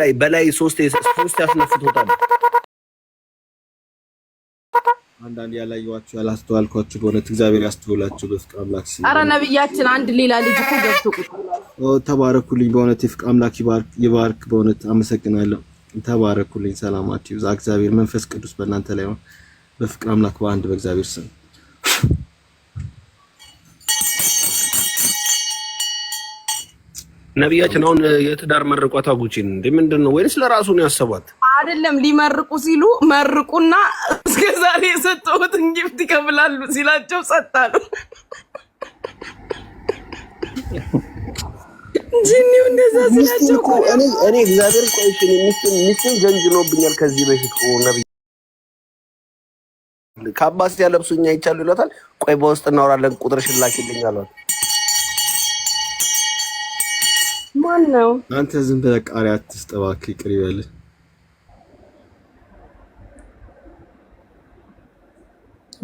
ላይ በላይ ሶስት ሶስት ያስነፍቶታል። አንዳንድ ያላየኋቸው ያላስተዋልኳችሁ በእውነት እግዚአብሔር ያስተውላችሁ። በፍቅር አምላክ ሲል ኧረ ነብያችን አንድ ሌላ ልጅ እኮ ገብቶ ተባረኩልኝ። በእውነት የፍቅር አምላክ ይባርክ። በእውነት አመሰግናለሁ። ተባረኩልኝ። ሰላማችሁ ይብዛ። እግዚአብሔር መንፈስ ቅዱስ በእናንተ ላይ ሆን። በፍቅር አምላክ በአንድ በእግዚአብሔር ስም ነቢያችን አሁን የትዳር መርቋት አጉቺን እንዴ ምንድን ነው ወይስ ለራሱ ነው ያሰቧት? አይደለም ሊመርቁ ሲሉ መርቁና እስከ ዛሬ የሰጠሁትን ጊፍት ይከፍላሉ ሲላቸው ጸጣሉ። ጂኒው እንደዛ ሲላቸው እኔ እኔ እግዚአብሔር ቆይሽን ሚስትን ሚስትን ዘንጅኖብኛል ከዚህ በፊት እኮ ካባስ ያለብሱኛ ይቻሉ ይሏታል። ቆይ በውስጥ እናወራለን ቁጥር ሽላክ ይልኛል አሏት ማን ነው? አንተ ዝም ብለህ ቃሪያ አትስጥ እባክህ፣ ይቅር ይበልህ።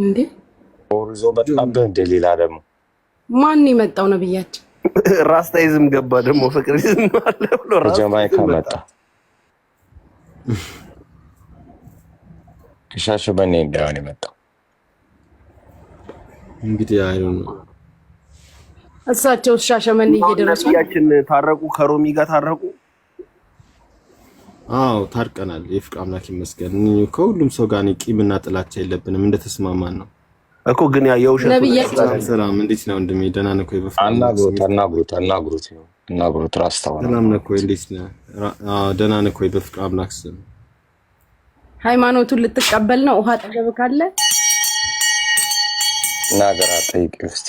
እንዴ ኦርዞ በጣብህ ሌላ ደግሞ ማን የመጣው ነው ብያቸው። ራስታይዝም ገባ ደግሞ ፍቅር ይዝም አለ ብሎ ጀማይካ መጣ። ሻሸመኔ እንዳይሆን የመጣው እንግዲህ አይሆን ነው እሳቸው ሻሸመኔ እየደረሱ ያችን ታረቁ፣ ከሮሚ ጋር ታረቁ። አዎ ታርቀናል። የፍቅ አምላክ ይመስገን። ከሁሉም ሰው ጋር ቂምና ጥላቻ የለብንም። እንደተስማማን ነው እኮ ግን ያ የውሸት ሰላም፣ እንዴት ነው ወንድሜ? ደህና ነህ እኮ ይበፋ። አናግሮት አናግሮት አናግሮት ነው አናግሮት። ራስ ታውና ሰላም ነህ እኮ እንዴት ነህ? ደህና ነህ እኮ በፍቅር አምላክ ስም። ሃይማኖቱን ልትቀበል ነው? ውሃ ጠገብ ካለ ናገር አጠይቅ እስቲ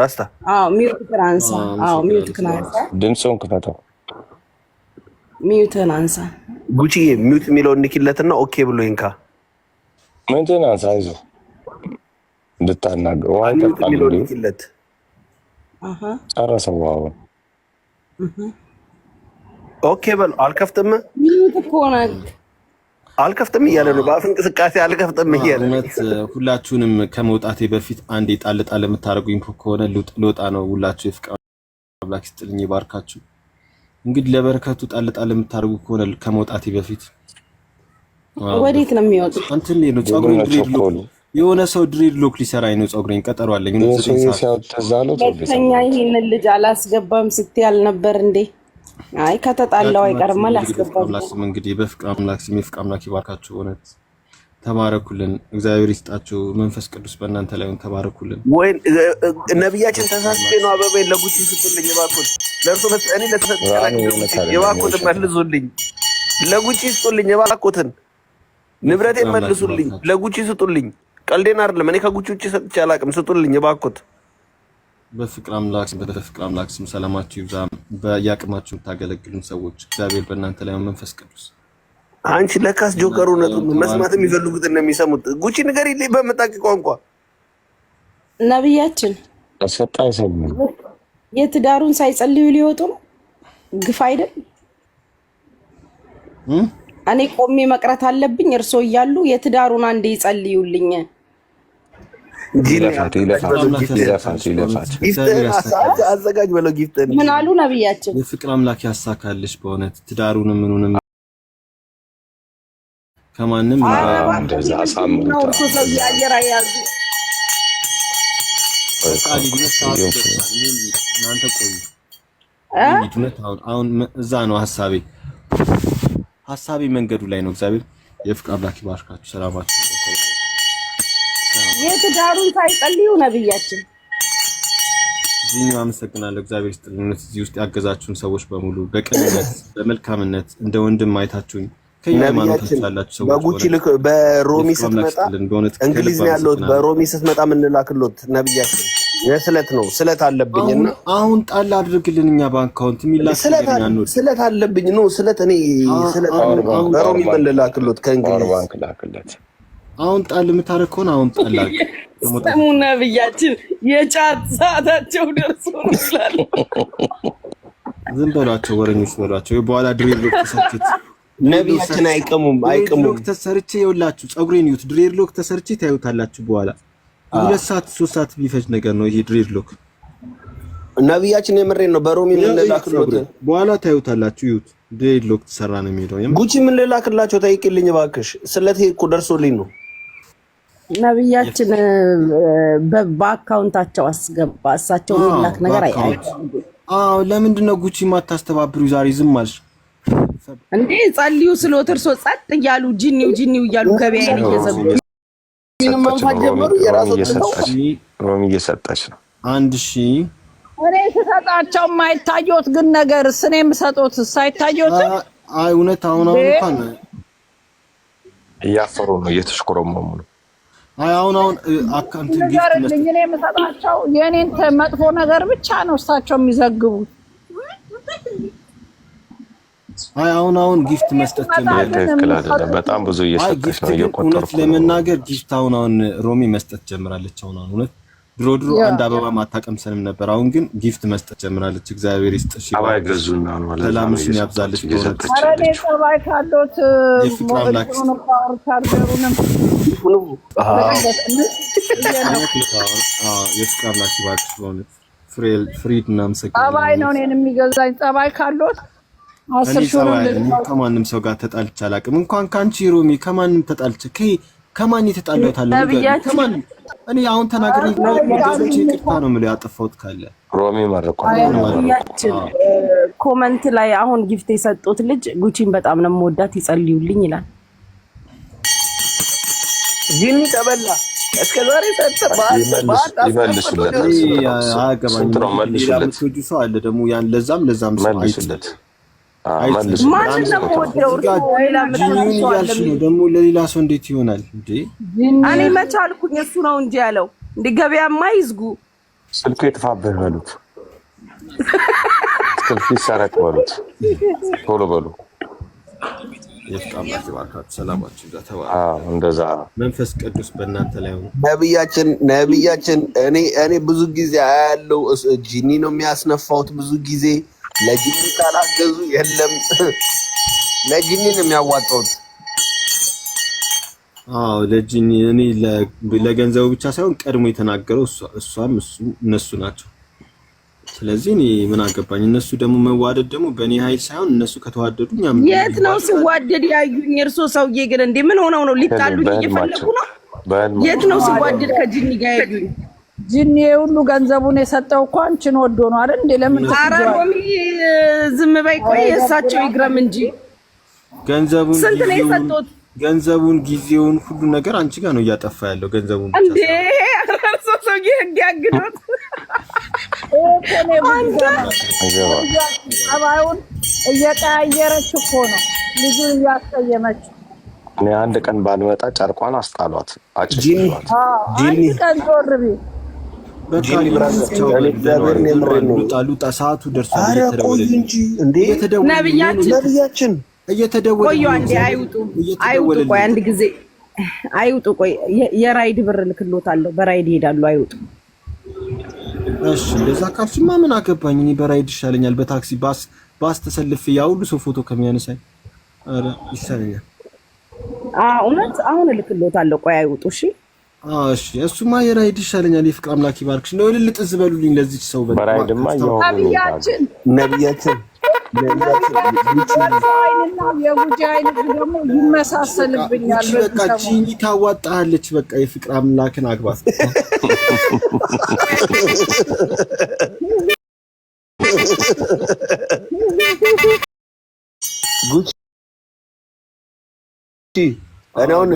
ራስታ አዎ ሚዩትህን አንሳ። ሚዩትህን አንሳ። ድምፅህን ክፈተው። ሚዩትህን አንሳ። ጉቺ ሚዩት የሚለውን ንኪለትና ኦኬ ብሎ ይንካ። ምንትን አንሳ። ይዞ እንድታናገር ውሃ ይጠጣለት። ጨረሰው ውሃውን። ኦኬ በል አልከፍትም። ሚዩት እኮ ነህ አልከፍትም እያለ ነው። በአፍ እንቅስቃሴ አልከፍትም እያለ ሁላችሁንም ከመውጣቴ በፊት አንድ የጣል ጣል የምታደርጉኝ ከሆነ ልወጣ ነው። ሁላችሁ የፍቃ አምላክ ይስጥልኝ ይባርካችሁ። እንግዲህ ለበረከቱ ጣል ጣል የምታደርጉ ከሆነ ከመውጣቴ በፊት ወዴት ነው የሚወጡት? እንትን ነው ጸጉሬን ድሬድ ሎክ የሆነ ሰው ድሬድ ሎክ ሊሰራኝ ነው። ጸጉሬን ቀጠሮ አለኝ። ይህንን ልጅ አላስገባም ስትይ አልነበር እንዴ? አይ ከተጣላው አይቀርማ ላስገባላስም እንግዲህ በፍቅር አምላክ ስም የፍቅር አምላክ ይባርካችሁ። እውነት ተባረኩልን፣ እግዚአብሔር ይስጣችሁ። መንፈስ ቅዱስ በእናንተ ላይ ተባረኩልን። ወይ ነቢያችን ተሳስቼ ነው አበባዬን ለጉቺ ስጡልኝ እባክዎት፣ ለእርሶ እኔ ለተሰጠ የባክዎትን መልሱልኝ፣ ለጉቺ ስጡልኝ የባክዎትን ንብረቴን መልሱልኝ፣ ለጉቺ ስጡልኝ። ቀልዴን አይደለም እኔ ከጉቺ ውጭ ሰጥቼ አላውቅም። ስጡልኝ የባክዎት በፍቅር አምላክ በፍቅር አምላክ ስም ሰላማችሁ ይብዛ። በያቅማችሁ የምታገለግሉን ሰዎች እግዚአብሔር በእናንተ ላይ መንፈስ ቅዱስ። አንቺ ለካስ ጆከሩ ነጥ መስማት የሚፈልጉትን ነው የሚሰሙት። ጉቺ ንገሪ በምታውቂ ቋንቋ ነቢያችን አሰጣ ሰሙ የትዳሩን ሳይጸልዩ ሊወጡ ነው። ግፍ አይደል? እኔ ቆሜ መቅረት አለብኝ እርሶ እያሉ የትዳሩን አንዴ ይጸልዩልኝ አዘጋጅ በለው ጊፍት። ምን አሉ ነብያችን? የፍቅር አምላክ ያሳካልሽ በእውነት ትዳሩንም ምኑንም ከማንም አሁን እዛ ነው ሀሳቤ ሀሳቤ መንገዱ ላይ ነው። እግዚአብሔር የፍቅር አምላክ ይባርካችሁ። ሰላማችሁ የትዳሩን ሳይጸልዩ ነብያችን እዚህ አመሰግናለሁ። እግዚአብሔር ስጥልነት እዚህ ውስጥ ያገዛችሁን ሰዎች በሙሉ በቅንነት በመልካምነት እንደ ወንድም ማየታችሁኝ በጉቺ ልክ በሮሚ ስትመጣ እንግሊዝ ነው ያለሁት። በሮሚ ስትመጣ የምንላክሎት ነብያችን የስለት ነው ስለት አለብኝ እና አሁን ጣል አድርግልን እኛ በአካውንት ስለት አለብኝ ስለት አለብኝ ነው ስለት እኔ ስለት አለብኝ በሮሚ የምንላክሎት ከእንግሊዝ አሁን ጣል የምታደርግ ከሆነ አሁን ጣላ ሰሙና ብያችን የጫት ሰዓታቸው ደርሶ ነው ይላሉ። ዝም በሏቸው ወረኞች በሏቸው። በኋላ ድሬድሎክ ተሰርችት ነቢያችን አይቀሙም አይቀሙም። ተሰርቼ የውላችሁ ፀጉሬን ይዩት። ድሬድሎክ ተሰርቼ ታዩታላችሁ። በኋላ ሁለት ሰዓት ሶስት ሰዓት ቢፈጅ ነገር ነው ይሄ ድሬድሎክ። ነቢያችን የምሬን ነው። በሮሚ የምንላክሎት በኋላ ታዩታላችሁ። ይዩት። ድሬድሎክ ተሰራ ነው የሚሄደው። ጉቺ ምን የምንላክላቸው ጠይቅልኝ እባክሽ። ስለት እኮ ደርሶልኝ ነው ነብያችን በአካውንታቸው አስገባ። እሳቸው የሚላክ ነገር አይ፣ ለምንድን ነው ጉቺ ማታስተባብሩ? ዛሬ ዝም አልሽ እንዴ? ጸልዩ ስለወት እርሶ ጸጥ እያሉ ጂኒው ጂኒው እያሉ ገበያን እየዘጉ መንፋት እየሰጠች ነው። አንድ ሺ እኔ ስሰጣቸው የማይታየት ግን ነገር ስኔ የምሰጦት ሳይታየት አይ እውነት አሁን አሁን እያፈሩ ነው፣ እየተሽኮረመሙ ነው አሁን አሁን አካውንት እኔ የምሰጣቸው መጥፎ ነገር ብቻ ነው እሳቸው የሚዘግቡት። አይ አሁን አሁን መስጠት ጀምራለች። በጣም ብዙ እየሰጠች ነው። እየቆጠርኩ ለመናገር ጊፍት አሁን አሁን ሮሚ መስጠት ጀምራለች። አሁን አሁን እውነት ድሮ ድሮ አንድ አበባ ማታቀም ስንም ነበር። አሁን ግን ጊፍት መስጠት ጀምራለች። እግዚአብሔር ይስጥሽ፣ ሰላምሽን ያብዛለች። የፍቅር አምላክ የፍቅር አምላክ ባክሽ በሆነ ፍሪድ እና ጸባይ ነው እኔን የሚገዛኝ ጸባይ ካሎት ከማንም ሰው ጋር ተጣልቼ አላውቅም። እንኳን ከአንቺ ሮሚ ከማንም ተጣልቼ ከማን የተጣላሁት አለ ከማንም እኔ አሁን ተናግሬ ጓደኞቼ ይቅርታ ነው ያጠፋሁት ካለ ሮሚ ኮመንት ላይ አሁን ጊፍት የሰጡት ልጅ ጉቺን በጣም ነው የምወዳት ይጸልዩልኝ ይላል። ጂኒ ተበላ እስከዛሬ ሰጠ አለ ደግሞ ያን ለዛም ለዛም ሰው አይችልም ደግሞ ለሌላ ሰው እንዴት ይሆናል? እኔ መቻልኩኝ እሱ ነው እንጂ ያለው እንደ ገበያማ ይዝጉ። ስልኩ የጥፋብህ በሉት፣ ስልኩ ይሰረቅ በሉት፣ ቶሎ በሉ። እንደዛ መንፈስ ቅዱስ በእናንተ ላይ ሆኖ ነቢያችን ነቢያችን እኔ እኔ ብዙ ጊዜ አያለው ጂኒ ነው የሚያስነፋውት ብዙ ጊዜ ለጅኒ ካላገዙ የለም። ለጅኒ ነው የሚያዋጣውት። አዎ ለጅኒ እኔ ለገንዘቡ ብቻ ሳይሆን ቀድሞ የተናገረው እሷም እሱ እነሱ ናቸው። ስለዚህ እኔ ምን አገባኝ። እነሱ ደግሞ መዋደድ ደግሞ በእኔ ኃይል ሳይሆን እነሱ ከተዋደዱ የት ነው ሲዋደድ ያዩኝ? እርሶ ሰውዬ ግን እንዴ ምን ሆነው ነው? ሊጣሉኝ እየፈለጉ ነው? የት ነው ሲዋደድ ከጅኒ ጋር ያዩኝ? ጅኒ ሁሉ ገንዘቡን የሰጠው እኮ አንቺን ወዶ ነው አይደል እንዴ? ለምን ታራሮሚ ዝም በይ። ቆይ እሳቸው ይግረም እንጂ ገንዘቡን ስንት ነው የሰጠው? ገንዘቡን ጊዜውን፣ ሁሉ ነገር አንቺ ጋር ነው እያጠፋ ያለው ገንዘቡን እንዴ። አራርሶ ሰው ህግ ያግዶት ጸባዩን እየቀያየረች እኮ ነው ልጁ እያስቀየመች እኔ አንድ ቀን ባልመጣ ጨርቋን አስጣሏት። አጭ ቀን ዞር ጣሉጣ ሰዓቱ ደርሷል። ነብያችን እየተደወለ ቆይ አንድ ጊዜ አይውጡ። ቆይ የራይድ ብር ልክሎታለሁ። በራይድ ይሄዳሉ። አይውጡ። እሺ እንደዛ ካልሽማ ምን አገባኝ እኔ። በራይድ ይሻለኛል። በታክሲ ባስ ባስ ተሰልፌ ያ ሁሉ ሰው ፎቶ ከሚያነሳኝ ኧረ ይሻለኛል። እውነት አሁን ልክሎታለሁ። ቆይ አይውጡ። እሺ እሺ እሱማ የራይድ ይሻለኛል። የፍቅር አምላክ ይባርክሽ። እንደው ልልጥ ዝበሉልኝ ለዚች ሰው በራይድማ ነቢያችን ይመሳሰልብኛል። ታዋጣለች። በቃ የፍቅር አምላክን አግባት። እኔ አሁን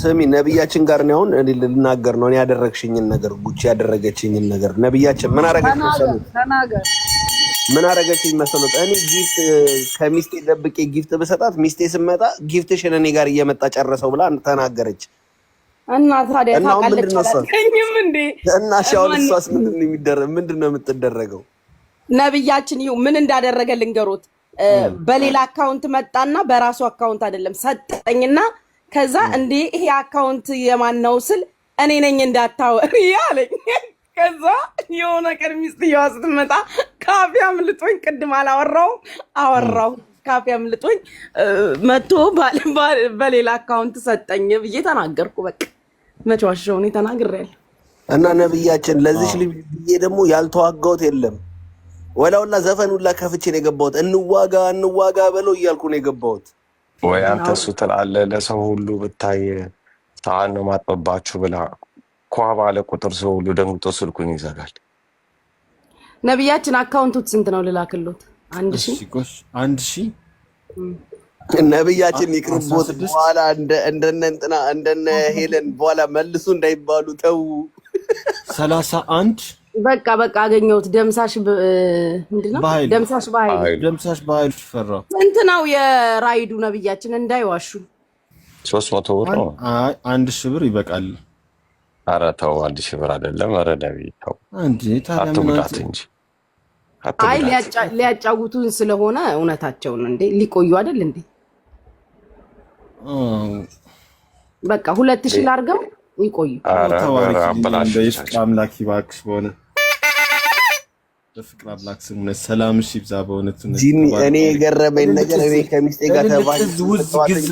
ስሚ ነብያችን ጋር ነው አሁን ልናገር ነው። እኔ ያደረግሽኝን ነገር ጉቺ ያደረገችኝን ነገር ነብያችን ምን አረገች ምን አረገችኝ መሰሎት? እኔ ጊፍት ከሚስቴ ደብቄ ጊፍት ብሰጣት ሚስቴ ስመጣ ጊፍትሽን እኔ ጋር እየመጣ ጨረሰው ብላ ተናገረች። እና ታዲያ ታውቃለች አላልከኝም እንዴ? እና ሻውን እሷስ ምንድን ነው የምትደረገው? ነብያችን ይኸው ምን እንዳደረገ ልንገሮት በሌላ አካውንት መጣና በራሱ አካውንት አይደለም ሰጠኝና፣ ከዛ እንዴ ይሄ አካውንት የማን ነው ስል እኔ ነኝ እንዳታወሪ ያለኝ። ከዛ የሆነ ቀን ሚስትየዋ ስትመጣ ካፊያ ምልጦኝ፣ ቅድም አላወራው አወራው ካፊያ ምልጦኝ መቶ በሌላ አካውንት ሰጠኝ ብዬ ተናገርኩ። በቃ መቸዋሸውን እኔ ተናግሬያለሁ። እና ነብያችን ለዚች ልጅ ብዬ ደግሞ ያልተዋጋሁት የለም ወላውላ ዘፈን ሁላ ከፍቼ ነው የገባሁት። እንዋጋ እንዋጋ በለው እያልኩ ነው የገባሁት። ወይ አንተ እሱ ትላለ ለሰው ሁሉ ብታይ ሰዓት ነው ማጥበባችሁ ብላ ኳ ባለ ቁጥር ሰው ሁሉ ደንግጦ ስልኩን ይዘጋል። ነቢያችን አካውንቱት ስንት ነው ልላክሎት? አንድ ሺ አንድ ሺ ነቢያችን ይቅርቦት። በኋላ እንደነ እንትና እንደነ ሄለን በኋላ መልሱ እንዳይባሉ ተዉ። ሰላሳ አንድ በቃ በቃ አገኘሁት። ደምሳሽ ምንድን ደምሳሽ በኃይሉ ደምሳሽ በኃይሉ ፈራው። ስንት ነው የራይዱ ነብያችን? እንዳይዋሹ ሶስት መቶ ብር ነው። አንድ ሺህ ብር ይበቃል። ኧረ ተው፣ አንድ ሺህ ብር አይደለም። ኧረ ነብይ ተው እንጂ አትጉዳት እንጂ። አይ ሊያጫውቱን ስለሆነ እውነታቸውን እንዴ ሊቆዩ አይደል እንዴ? በቃ ሁለት ሺህ ላርገው ይቆዩ። አምላክ ይባርክሽ በሆነ በፍቅር አምላክ ስም ሰላም ሰላምሽ ይብዛ። በእውነት ጂሚ፣ እኔ የገረመኝ ነገር እኔ ከሚስቴ ጋር ተባዝ ውዝ ግዝ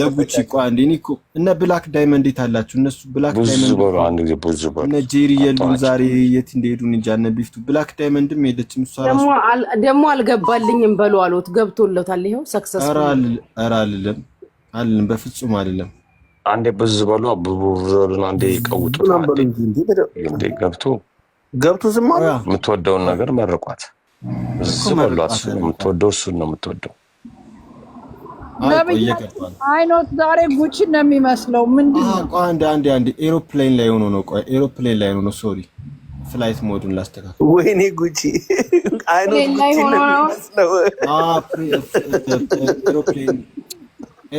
ለጉቺ እኮ አንዴ እኔ እኮ እነ ብላክ ዳይመንድ እንዴት አላችሁ? እነሱ ብላክ ዳይመንድ ብዙ ብዙ አንድ ጊዜ እነ ጄሪ የሉም ዛሬ የት እንደሄዱ እንጃ። እነ ቢፍቱ ብላክ ዳይመንድም የለችም። እሷ ደግሞ አልገባልኝም በሉ አሉት። ገብቶለታል። ይኸው ሰክሰስ። ኧረ አልልም አልልም፣ በፍጹም አልልም። አንዴ ብዝ በሉ አብቡ አንዴ ቀውጡ ገብቶ ገብቶ ዝም አለ። የምትወደውን ነገር መርቋት ዝም በሏት። የምትወደው እሱን ነው የምትወደው። አይኖት ዛሬ ጉቺ ነው የሚመስለው። ምንድን ነው አንድ አንድ አንድ ኤሮፕሌን ላይ ሆኖ ነው። ቆይ ኤሮፕሌን ላይ ሆኖ ሶሪ ፍላይት ሞዱን ላስተካክል። ወይኔ ጉቺ አይኖት ጉቺ ነው የሚመስለው።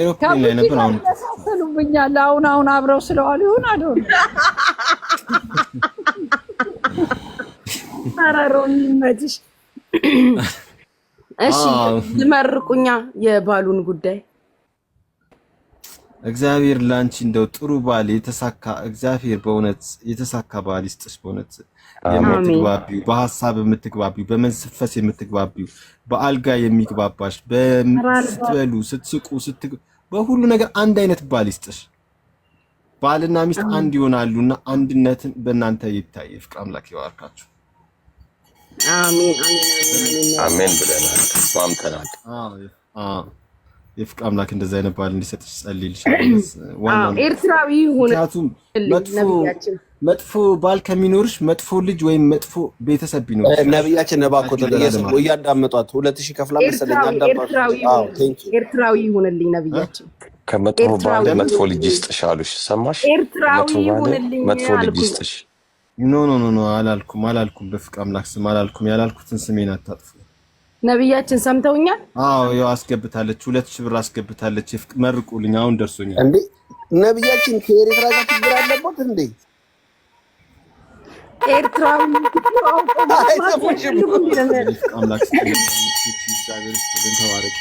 ኤሮፕሌን ላይ ነበር። አሁን ተሳሰሉብኛል። አሁን አሁን አብረው ስለዋሉ ይሁን አደሆነ ኧረ እሺ ልመርቁኛ የባሉን ጉዳይ እግዚአብሔር ላንቺ እንደው ጥሩ ባል የተሳካ እግዚአብሔር በእውነት የተሳካ ባል ይስጥሽ። በእውነት የምትግባቢው በሀሳብ የምትግባቢው በመንፈስ የምትግባቢው በአልጋ የሚግባባሽ ስትበሉ፣ ስትስቁ፣ በሁሉ ነገር አንድ አይነት ባል ይስጥሽ። ባልና ሚስት አንድ ይሆናሉና አንድነትን በእናንተ ይታይ። ፍቅር አምላክ ይባርካችሁ። አሜን ብለናል፣ ተስማምተናል። የፍቅር አምላክ እንደዛ አይነት ባል እንዲሰጥሽ ጸልይልሽ። ኤርትራዊ ሆነ መጥፎ ባል ከሚኖርሽ መጥፎ ልጅ ወይም መጥፎ ቤተሰብ ቢኖርሽ ነብያችን ነባኮት እያዳመጧት ሁለት ሺህ ከፍላ መሰለኝ። ኤርትራዊ ሆነልኝ ነብያችን ከመጥፎ ባል መጥፎ ልጅ ይስጥሽ አሉሽ። ሰማሽ? መጥፎ ልጅ ይስጥሽ። ኖ ኖ ኖ ኖ አላልኩም፣ አላልኩም። በፍቅ አምላክ ስም አላልኩም። ያላልኩትን ስሜን አታጥፉ። ነቢያችን ሰምተውኛል። አዎ ያው አስገብታለች፣ ሁለት ሺህ ብር አስገብታለች። ይፍቅ መርቁልኝ። አሁን ደርሶኛል እንዴ ነቢያችን። ከኤርትራ ጋር ችግር አለበት እንዴ? ኤርትራው አምላክ እግዚአብሔር ይስጥልን። ተባረክ።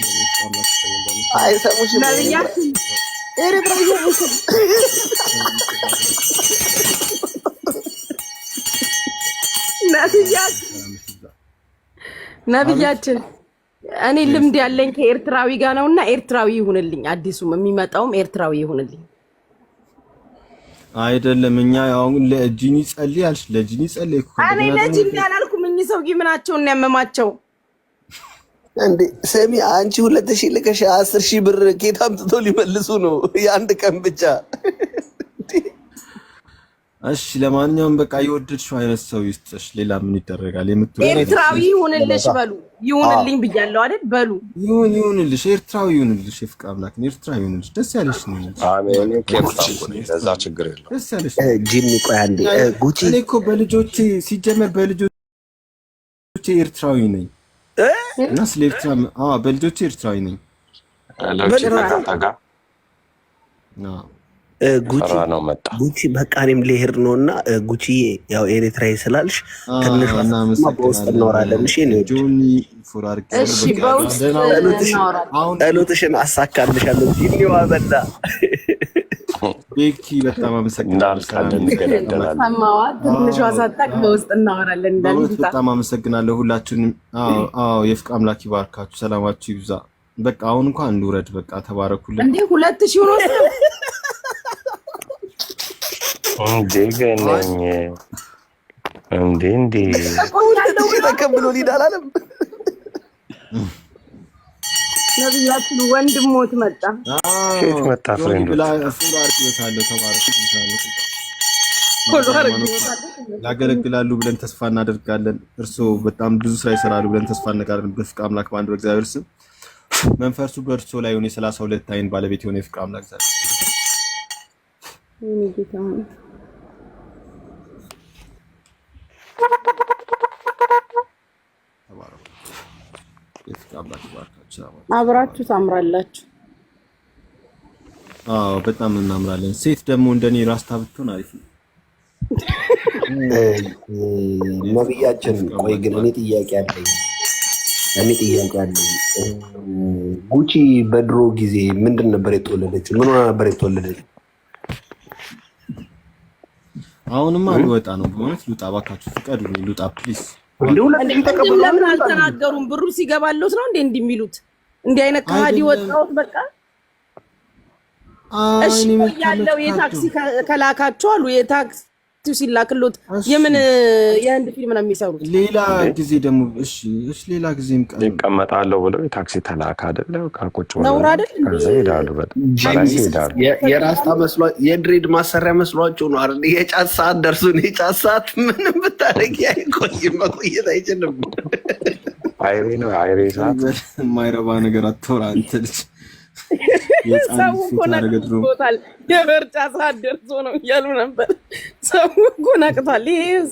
ነብያችን። እኔ ልምድ ያለኝ ከኤርትራዊ ጋር ነው እና ኤርትራዊ ይሁንልኝ። አዲሱም የሚመጣውም ኤርትራዊ ይሁንልኝ። አይደለም እኛ አሁን ለጂኒ ጸልይ አልሽ። ለጂኒ ጸልይ እኮ እኔ ለጂኒ አላልኩም። እኚህ ሰውዬ ምናቸውን ያመማቸው? እንዴ ሰሚ አንቺ ሁለት ሺ ልከሽ አስር ሺህ ብር ኬት አምጥቶ ሊመልሱ ነው? የአንድ ቀን ብቻ። እሺ ለማንኛውም በቃ የወደድሽው አይነት ሰው ይስጥሽ። ሌላ ምን ይደረጋል? የምት ኤርትራዊ ይሁንልሽ በሉ። ይሁንልኝ ብያለሁ አይደል? በሉ ይሁን ይሁንልሽ፣ ኤርትራዊ ይሁንልሽ። የፍቅ አምላክ ኤርትራዊ ይሁንልሽ። ደስ ያለሽ ነው። ችግር የለውም። ደስ ያለሽ ጂኒ። ቆይ አንዴ ጉቺ፣ እኔ እኮ በልጆቼ ሲጀመር በልጆቼ ኤርትራዊ ነኝ። እና ስለ ኤርትራ በልጆቹ ኤርትራዊ ነኝ። ለውጭ ከእናንተ ጋር ጉቺ በቃ እኔም ልሄድ ነው እና ጉቺ ያው ኤርትራዊ ስላልሽ ትንሽ በውስጥ እናወራለን። እሺ ሎትሽን አሳካልሻለሁ። ይኒዋ በላ ቤኪ በጣም አመሰግናለሁ። አመሰግናለሁ ሁላችሁንም። የፍቅ አምላክ ይባርካችሁ፣ ሰላማችሁ ይብዛ። በቃ አሁን እንኳን እንውረድ። በቃ ተባረኩልን። እንዴ ሁለት ሺህ ነው እንዴ? እንዴ እንዴ ተቀብሎ ሊዳል አለም ነብያችን ወንድሞት መጣ። ኬት መጣ ፍሬንዶች ያገለግላሉ ብለን ተስፋ እናደርጋለን። እርስዎ በጣም ብዙ ስራ ይሰራሉ ብለን ተስፋ እናደርጋለን። በፍቅር አምላክ በአንድ በእግዚአብሔር ስም መንፈሱ በእርሶ ላይ ሆነ የሰላሳ ሁለት አይን ባለቤት የሆነ የፍቅር አምላክ ዛ ተባረኩ። አብራችሁ ታምራላችሁ። አዎ በጣም እናምራለን። ሴት ደግሞ እንደኔ ራስታ ብትሆን አሪፍ ነው። ነብያችን፣ ቆይ ግን እኔ ጥያቄ አለኝ። እኔ ጥያቄ አለኝ። ጉቺ በድሮ ጊዜ ምንድን ነበር የተወለደችው? ምን ሆና ነበር የተወለደችው? አሁንማ ልወጣ ነው በእውነት። ሉጣ እባካችሁ ፍቀዱልኝ። ሉጣ ፕሊስ ለምን አልተናገሩም? ብሩ ሲገባለት ነው እንዴ እንዲህ የሚሉት? እንዲህ አይነት ከሃዲ ወጣሁት በቃ እሺ ያለው የታክሲ ከላካቸው አሉ የታክሲ ሲላክሎት የምን የህንድ ፊልም ነው የሚሰሩት? ሌላ ጊዜ ደግሞ እሺ፣ እሺ፣ ሌላ ጊዜም ይቀመጣለሁ ብለው የታክሲ ተላክ አደለ ቁጭ የራስታ መስሏ የድሬድ ማሰሪያ መስሏቸው ነው አይደል? የጫት ሰዓት ደርሱን። የጫት ሰዓት ምንም ብታደርጊ አይቆይም፣ መቆየት አይችልም። አይሬ ነው አይሬ ሰዓት። የማይረባ ነገር አትወራ አንተ ልጅ ሰው እኮ ነቅቶታል፣ የምርጫ ሰዓት ደርሶ ነው እያሉ ነበር። ሰው እኮ ነቅቷል። ይሄ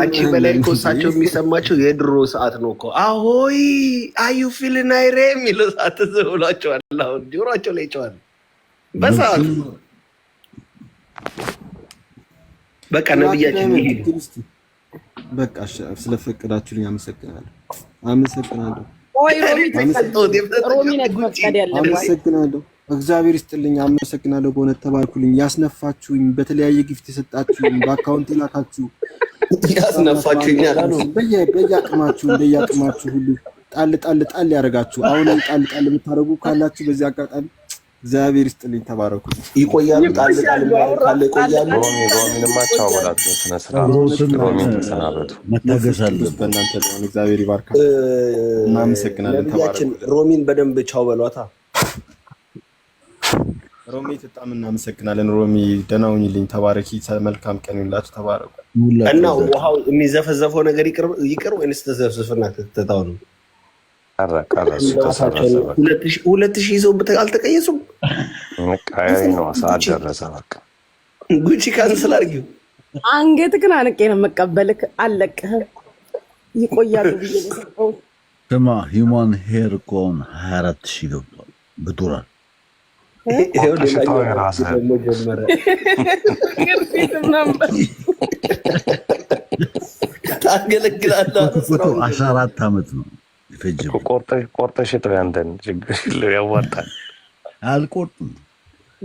አንቺ በላይ እኮ እሳቸው የሚሰማቸው የድሮ ሰዓት ነው እኮ አሆይ አዩ ፊልን አይሬ የሚለው ሰዓት ብሏቸዋል። አሁን ጆሯቸው ላይ ይጨዋል በሰዓቱ በቃ ነብያችን ይሄዱ። በቃ ስለፈቀዳችሁ አመሰግናለሁ፣ አመሰግናለሁ። አመሰግናለሁ። እግዚአብሔር ይስጥልኝ። አመሰግናለሁ። በእውነት ተባርኩልኝ። ያስነፋችሁኝ፣ በተለያየ ጊፍት የሰጣችሁኝ፣ በአካውንት የላካችሁ ያስነፋችሁኝ፣ በየአቅማችሁ እንደየአቅማችሁ ሁሉ ጣል ጣል ጣል ያደረጋችሁ አሁንም ጣል ጣል የምታደርጉ ካላችሁ በዚህ አጋጣሚ እግዚአብሔር ይስጥልኝ። ተባረኩ። ይቆያሉ። ጣል ጣል ይቆያሉ። ተሰናበቱ። በእናንተ እግዚአብሔር ይባርካ። እናመሰግናለን። ተባረኩ። ሮሚን በደንብ ቻው በሏታ። ሮሚ በጣም እናመሰግናለን። ሮሚ ደህና ተባረኪ። መልካም ቀን ይላችሁ። ተባረኩ። እና ውሃው የሚዘፈዘፈው ነገር ይቅር ወይንስ ተዘፍዝፍና ትተታው ነው? ሁለት ሺህ ይዘው አልተቀየሱም። ነው ሰዓት ደረሰ። በቃ ጉቺ ካንስል አድርጊው። ግን አንቄ ነው መቀበልክ። አለቅህም ይቆያሉ ብዬ ነው። ስማ ሂውማን ሄር ኮን አሁን ሀያ አራት ሺህ ገብቷል ብዱራል አስራ አራት ዓመት ነው የፈጀብኝ። ቆርጠሽ ቆርጠሽ ያንተን ችግር ያዋጣል። አልቆርጥም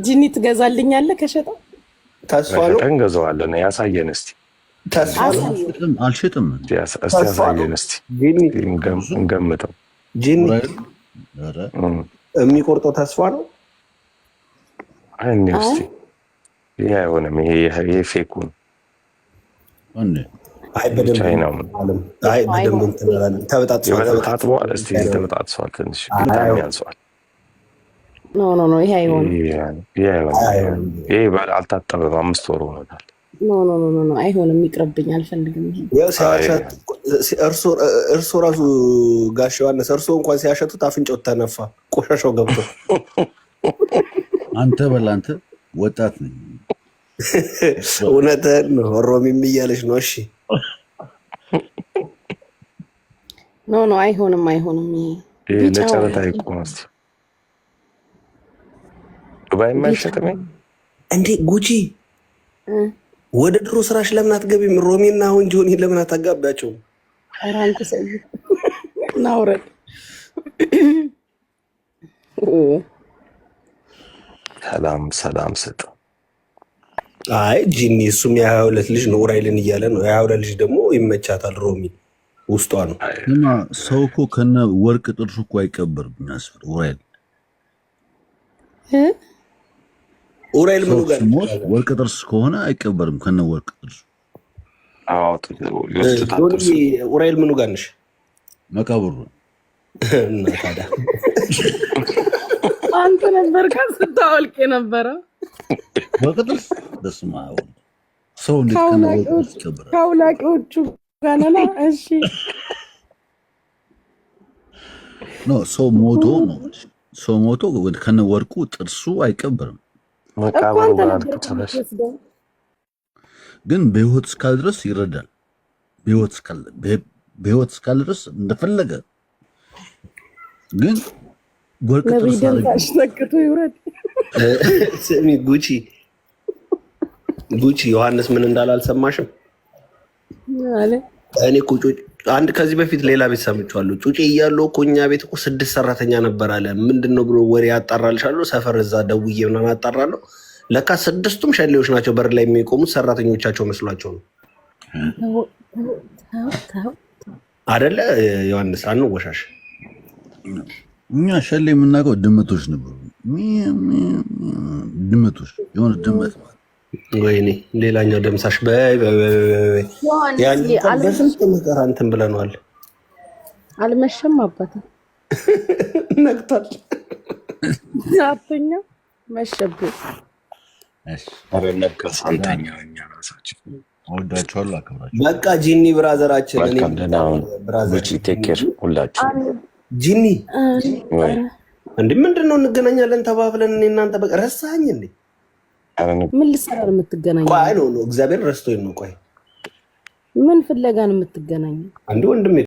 ጂኒ ትገዛልኛለህ? ከሸጠው ተስፋ ነው እንገዛዋለን። ያሳየን እስቲ። አልሸጥም። ያሳየን እስቲ እንገምተው። ጂኒ የሚቆርጠው ተስፋ ነው። እኔ እስቲ ይህ አይሆንም፣ ይሄ ፌኩ ነው። ተበጣጥሷል፣ ተበጣጥሷል፣ ትንሽ ያንሰዋል። ኖ ኖ ኖ፣ ይሄ አይሆንም፣ ይሄ አልታጠበም፣ አምስት ወር ሆኖታል። ኖ ኖ ኖ ይሄ አይሆንም ይሄ አልታጠበ አይሆንም፣ ይቅርብኝ፣ አልፈልግም። እርሶ ራሱ ጋሽ ዮሐንስ እርሶ እንኳን ሲያሸቱት አፍንጮት ተነፋ፣ ቆሻሻው ገብቶ። አንተ በል አንተ ወጣት ነኝ። እውነትህን ነው። ሮሚም እያለች ነው። እሺ ኖ ኖ፣ አይሆንም፣ አይሆንም። ይሄ ለጨረታ ይቆማስ ዱባይ የማይሸጥም እንዴ? ጉቺ ወደ ድሮ ስራሽ ለምን አትገቢም? ሮሚና አሁን ጆኒ ለምን አታጋቢያቸውም? ራንኩ ናውረድ ሰላም ሰላም ስጥ። አይ ጂኒ እሱም የሀያ ሁለት ልጅ ነው ኡራይልን እያለ ነው። የሀያ ሁለት ልጅ ደግሞ ይመቻታል ሮሚ ውስጧ ነው እና ሰው እኮ ከነ ወርቅ ጥርሱ እኮ አይቀበርም። ያስፈር ራይል ኡራኤል ምኑ ጋር ሞት ወርቅ ጥርስ ከሆነ አይቀበርም ከነ ወርቅ ጥርሱ። ኡራኤል ምኑ ጋር ነሽ? መቃብሩ አንተ ነበር ስታወልቅ የነበረ ወርቅ ጥርስ በስመ አብ ሰው እንዴት ከነ ከአውላቂዎቹ ጋር እሺ ኖ ሰው ሞቶ ነው ሰው ሞቶ ከነ ወርቁ ጥርሱ አይቀበርም። ግን በህይወት እስካለ ድረስ ይረዳል። በህይወት እስካለ ድረስ እንደፈለገ ግን ወርቅ ጉቺ ጉቺ ዮሐንስ ምን እንዳለ አልሰማሽም? እኔ እኮ አንድ ከዚህ በፊት ሌላ ቤት ሰምቼዋለሁ። ጩጬ እያለሁ እኮ እኛ ቤት እኮ ስድስት ሰራተኛ ነበር አለ። ምንድን ነው ብሎ ወሬ ያጣራልሻለሁ። ሰፈር እዛ ደውዬ ምናምን አጣራለሁ። ለካ ስድስቱም ሸሌዎች ናቸው። በር ላይ የሚቆሙት ሰራተኞቻቸው መስሏቸው ነው አደለ? ዮሐንስ አንወሻሽ። እኛ ሸሌ የምናውቀው ድመቶች ነበሩ። ድመቶች የሆነ ድመት ወይኔ ሌላኛው ደምሳሽ በስንት መከራ እንትን ብለነዋል። አልመሸም አባት ነግቷል። አቶኛው መሸብኝ በቃ ጂኒ ብራዘራችን ጂኒ እንዲህ ምንድን ነው እንገናኛለን ተባብለን እኔ እናንተ በቃ ረሳኝ እንዴ ምን ልሰራ ነው የምትገናኘው? እግዚአብሔር ረስቶኝ ነው። ቆይ ምን ፍለጋ ነው የምትገናኘው? አንድ ወንድም